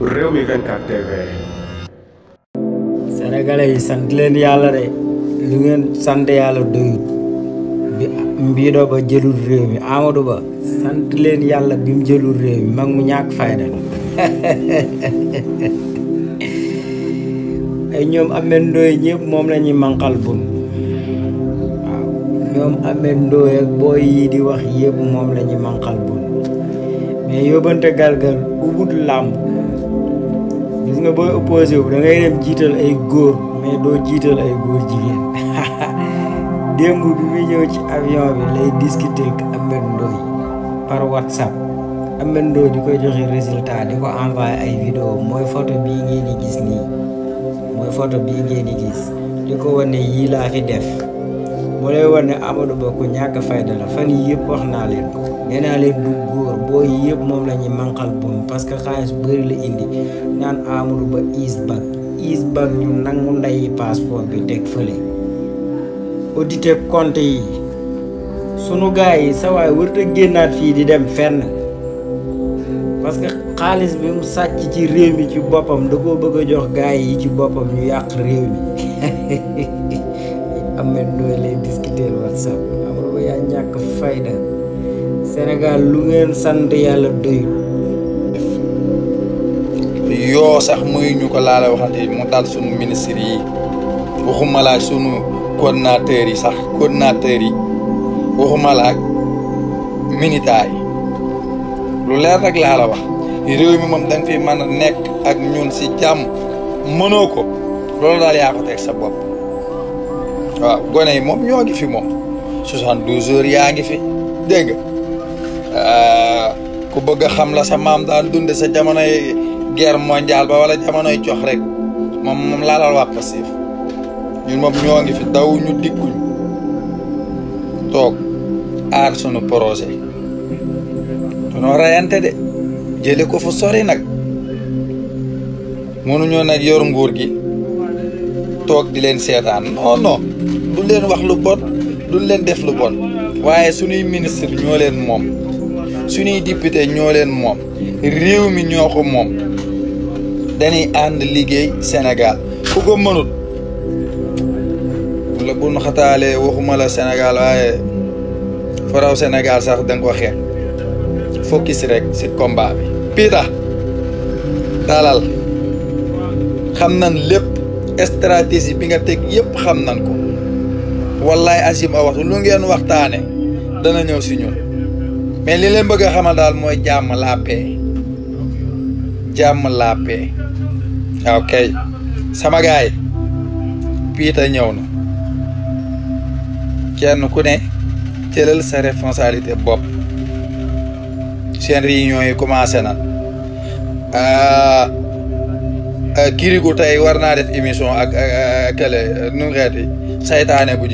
réew mi 24 TV. sénégalais yi sant leen ngeen sant yàlla doyut bi ba jëlul réew mi Amadou Ba sant leen yàlla bi mu jëlul réew mi mag mu ñàkk fayda ay ñoom Ameth Ndoye moom la ñuy manqal bun ñoom Ameth Ndoye ak booy wax yëpp moom la ñuy manqal bun mais yóbbante galgal ubut làmb nga booy opposé wu da ngay jiital ay góor mais doo jiital ay góor jigéen démb bi muy ñëw ci avion bi lay discuter ak Ameth Ndoye par whatsapp Ameth di koy joxe résultat di ko envoyé ay vidéo mooy photo bii ngeen gis nii mooy photo bii ngeen gis di ko wane yii laa fi def mu lay wane Ba ku ñàkk fayda la fan yii wax naa leen nee naa leen du góor booy yëpp moom la ñuy buum parce que xaalis bëri la indi naan Amadou Ba is back is back ñu nangu ndayi passeport bi teg fële auditer compte yi sunu gars yi sa waay warut a génnaat fii di dem fenn parce que xaalis bi mu sàcc ci réew mi ci boppam da koo bëgg a jox gars yi ci boppam ñu yàq réew mi am na lay discuter whatsapp amul ba yaa ñàkk fayda Sénégal lu ngeen sant yàlla doyul. yoo sax muy ñu ko laala waxati mu dal sunu ministre yi waxuma la ak sunu coordonnateurs yi sax coordonnateurs yi waxuma ak militaires yi lu leer rek laa la wax réew mi moom da fi mën a nekk ak ñun si jàmm mënoo ko loolu daal yaa ko teg sa bopp waaw gone yi moom ñoo ngi fi moom soixante-douze yaa ngi fi dégg Euh, ku bëgg a xam la sa maam daal dunde sa jamonoy guerre mondiale ba wala jamonoy cox rek moom moom laalal waa Pastef ñun moom ñoo ngi fi daw ñu dikkuñ toog aar sunu projet dunoo rayante de jële ko fu sori nag mënuñoo nag yor nguur gi toog di leen seetaan non non duñ leen wax lu bon duñ leen def lu bon waaye sunuy ministre ñoo leen moom suñuy député ñoo leen moom réew mi ñoo ko moom dañuy ànd liggéey Sénégal ku ko mënut la bu nu xataalee waxuma la Sénégal waaye faraw Sénégal sax da nga ko xeeb focus rek si combat bi piita dalal xam nan lépp stratégie bi nga teg yëpp xam nan ko wallaay Azim a waxtu lu ngeen waxtaane dana ñëw si ñun mais li leen bëgg a xamal daal mooy jàmm la paix jàmm la paix ok sama gaay piita ñëw na kenn ku ne jëlal sa responsabilité bopp seen réunion yi commencé na kirigu tey war naa def émission ak kële nu ngeeti ku bu